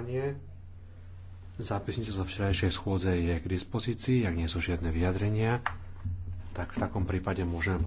hlasovanie. Zápisnica zo včerajšej schôdze je k dispozícii, ak nie sú žiadne vyjadrenia, tak v takom prípade môžem